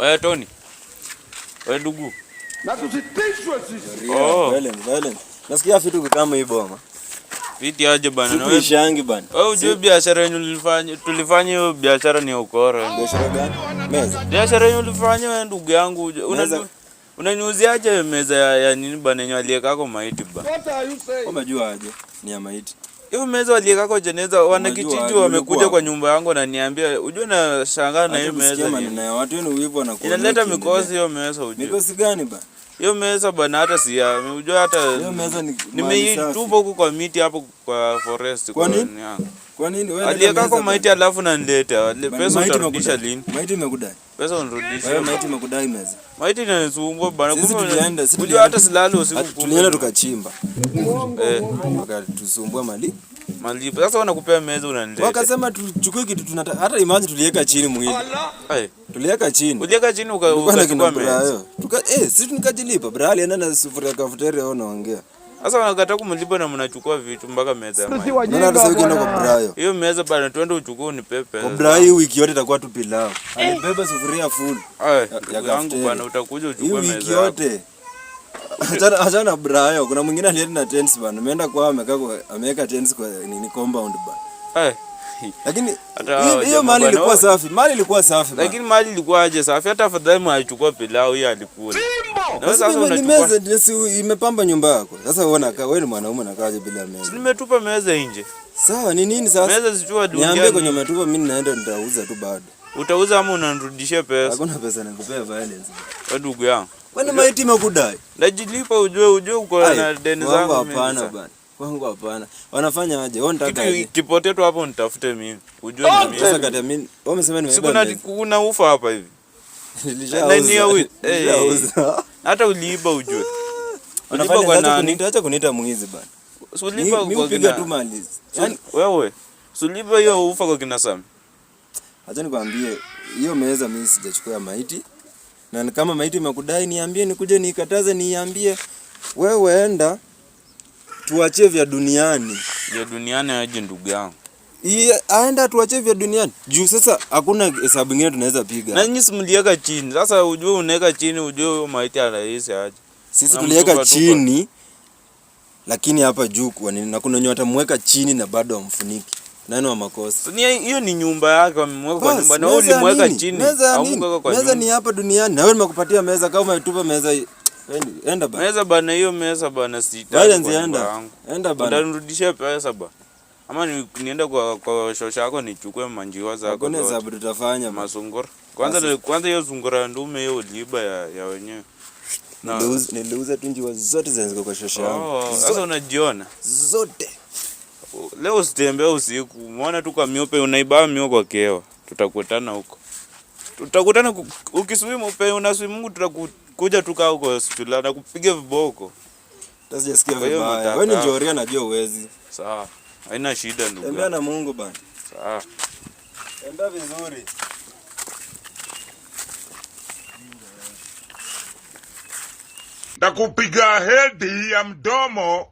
Wewe Tony. Wewe dugu. Na tusitishwe sisi. Oh. Nasikia vitu kama hii boma. Viti aje bana na wewe. Shangi bana. Wewe unajua biashara yenu ulifanya tulifanya hiyo biashara ni ukora. Ah, biashara gani? Meza. Biashara yenu ulifanya wewe ndugu yangu. Unajua unaniuziaje meza ya, ya nini bana yenye kwa maiti bana. Umejua aje? Ni ya maiti hiyo meza waliekako jeneza wanakijiji wamekuja kwa nyumba yangu na niambia, ujue na shangaa na hiyo meza inaleta mikosi. Hiyo meza ujue mikosi gani ba hiyo meza bana, hata si ya ujue, hata nimeitupa huko kwa miti hapo kwa forest. Kwa nini? Kwa nini wewe aliekako maiti alafu na nanileta pesa? Utarudisha lini maiti? Imekudai Pesa unirudishe. Wewe maiti umekudai meza. Maiti inanisumbua bana. Kumbe hata silali usiku. Tulienda tukachimba. Eh, Magari tusumbua mali. Mali. Sasa wanakupea meza unaniletea. Wakasema tuchukue kitu tunataka. Hata imagine tuliweka chini mwili. Eh. Tuliweka chini. Uliweka chini ukachukua meza. Tuka eh, sisi tunikajilipa. Bra alienda na sufuria kafuteri wao naongea. Sasa wanakata kumlipa na mnachukua vitu mpaka meza. Hiyo meza bana, twende uchukue ni pepe. Kwa Brayo wiki yote itakuwa tu pilau. Eh. Alibeba sufuria full. Eh, yangu bana, utakuja uchukue meza. Hii wiki yote. Achana achana brayo. Kuna mwingine alienda na tents bana. Ameenda kwao amekaa ameweka tents kwa nini compound bana. Eh. Lakini hiyo mali ilikuwa oh. safi. Mali ilikuwa safi. Lakini mali ilikuwa aje safi? Hata afadhali mwachukua pilau hiyo alikula. Na sasa unachukua imepamba nyumba yako. Sasa unaona wewe ni mwanaume na kaje bila meza. Nimetupa meza nje. Sawa, ni nini sasa? Meza zichua dunia. Niambie kwenye umetupa mimi naenda nitauza tu bado. Utauza ama unanirudishia pesa? Hakuna pesa nikupea violence. Wewe ndugu yangu. Kwani maiti imekudai? Najilipa ujue ujue uko na deni zangu. mimi. Hapana bwana kwangu hapana. Wanafanya aje? Wao nitaka aje? Kipote tu hapo nitafute mimi. Ujue ni ah, mimi. Sasa kati mimi, wewe umesema ni mimi. Kuna ufa hapa hivi. Nilishauza. Nilishauza. Hata uliiba ujue. Wanafanya kwa nani? Nitaacha kuniita mwizi bana. Suliba kwa kina. tu mali. Yaani wewe. Suliba hiyo ufa kwa kina Sam. Acha nikwambie hiyo meza mimi sijachukua maiti. Na kama maiti imekudai niambie, nikuje nikataze, niambie wewe enda tuachie vya duniani. Vya duniani aje ndugu yangu? Aenda tuachie vya duniani juu sasa hakuna hesabu nyingine tunaweza piga. Na nyinyi simliweka chini sasa, ujue unaweka chini, ujue huyo maiti rahisi aje. Sisi tuliweka chini lakini hapa juu kwa nini? Na kuna nyota mweka chini na bado amfuniki. Nani wa makosa? Ni Hiyo ni nyumba yake, amemweka kwa nyumba na wewe ulimweka chini. Meza ni hapa duniani, na wewe nimekupatia meza, kama umetupa meza Enda bana. Meza bana hiyo meza bana sitaki. Enda. Enda bana. Utanirudishia pesa ba. Ama ni, nienda kwa kwa shosha yako nichukue manjiwa zako. Kwa Hakuna sababu tutafanya masungura. Kwanza kwanza hiyo zungura ndume hiyo uliiba ya, ya wenyewe. Na lose niliuza tu njiwa zote zinaziko kwa shosha yangu. Oh, sasa unajiona? Zote. Leo usitembea usiku. Muona tu kwa miope unaiba mio kwa keo. Tutakutana huko. Tutakutana ukiswimu pe unaswimu tutaku kuja tukaa huko hospitali na kupiga viboko. Sasa sijasikia vibaya. Wewe ni njoria, najua uwezi. Sawa. Haina shida ndugu. Tembea na Mungu bana. Sawa. Tembea vizuri. Takupiga hedi ya mdomo.